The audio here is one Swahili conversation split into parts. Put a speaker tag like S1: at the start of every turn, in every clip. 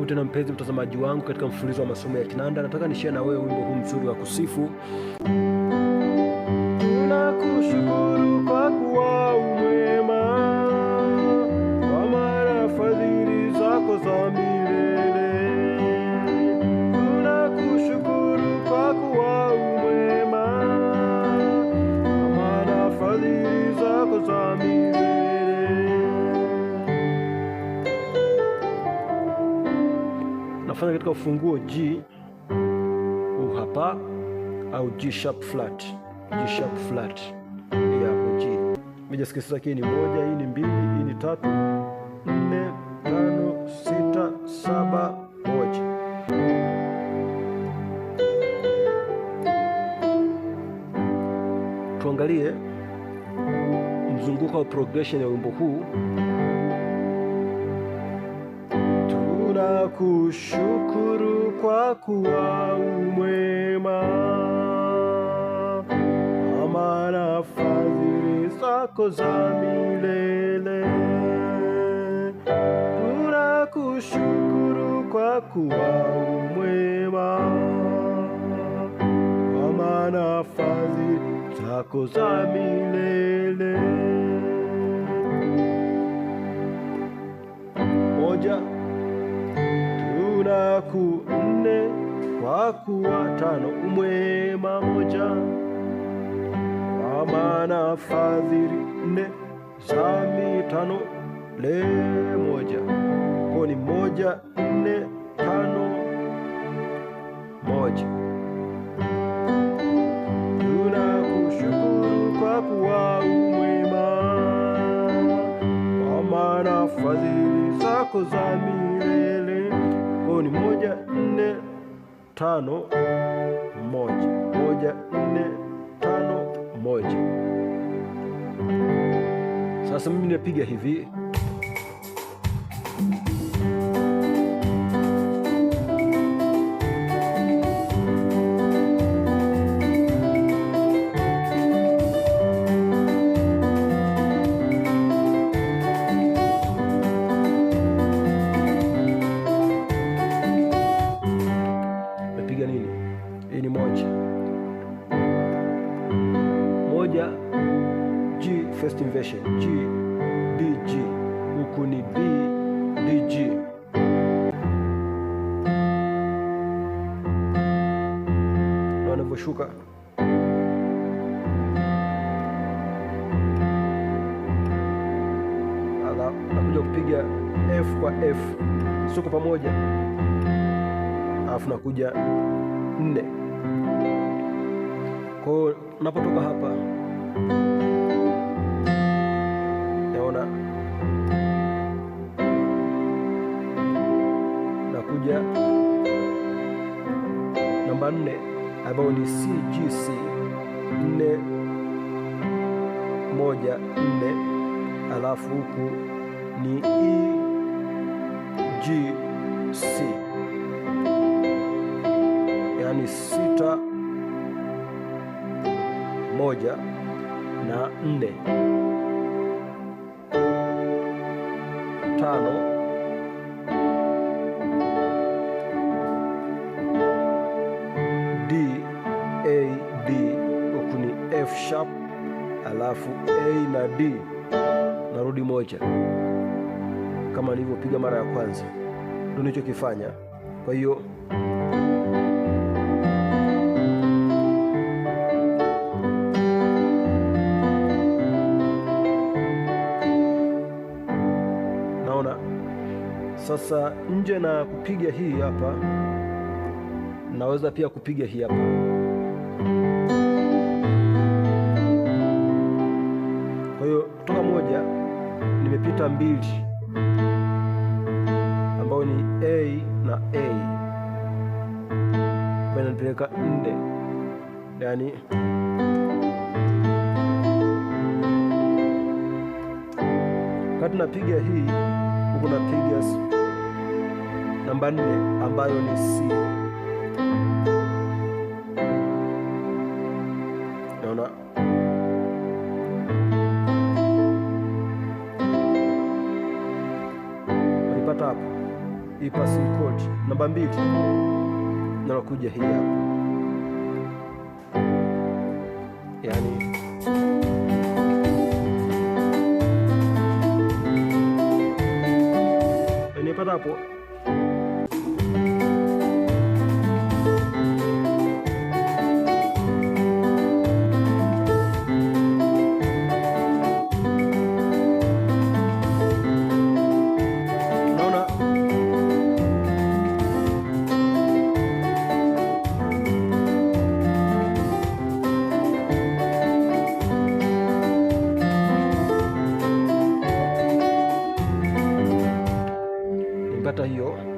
S1: Karibu tena mpenzi mtazamaji wangu katika mfululizo wa masomo ya kinanda. Nataka nishia na wewe wimbo huu mzuri wa kusifu.
S2: Tunakushukuru kwa kuwa umema, kwa mara fadhili zako za
S1: tunafanya katika ufunguo G huu hapa, au G sharp flat, G sharp flat hapo G. Meja sasa, hii ni moja, hii ni mbili, hii ni tatu, nne, tano, sita, saba, moja. Tuangalie mzunguko wa progression ya wimbo huu.
S2: kushukuru kwa kuwa umwema, ama na fadhili zako za milele. Tunakushukuru kwa kuwa umwema, amana na fadhili zako za milele.
S1: Moja na ku nne kwa kuwa tano umwema moja, kwa maana fadhili nne sami tano le moja kwa ni moja nne tano moja.
S2: Tunakushukuru kwa kuwa umwema, kwa maana fadhili zako za milele
S1: hiyo ni moja nne tano moja moja nne tano moja. Sasa mimi napiga hivi. kushuka. Ala, nakuja kupiga F kwa F, suku pamoja, alafu nakuja nne. Kwa hiyo napotoka hapa, naona nakuja namba nne ambayo ni CGC 414 alafu huku ni EGC yani sita moja na nne tano alafu A na D narudi moja kama nilivyopiga mara ya kwanza, ndio nilichokifanya. Kwa hiyo naona sasa, nje na kupiga hii hapa, naweza pia kupiga hii hapa. zimepita mbili ambayo ni A na A ambayo inanipeleka nne, yani wakati napiga hii huku napiga namba nne ambayo ni C. unapata hapa hii passing chord namba mbili, na nakuja hii hapa, yani unapata hapo are you?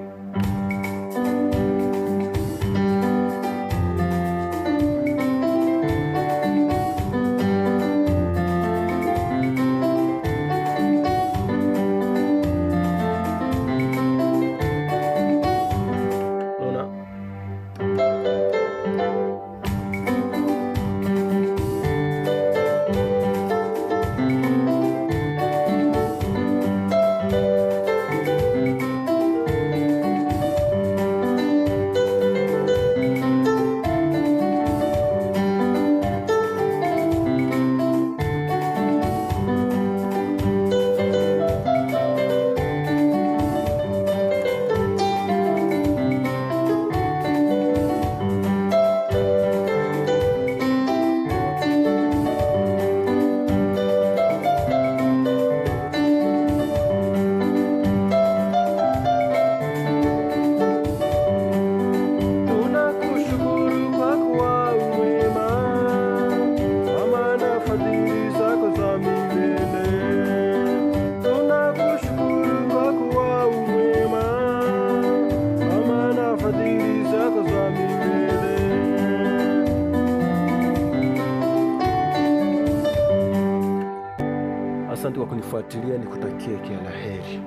S1: kwa kunifuatilia, nikutakie kila la heri.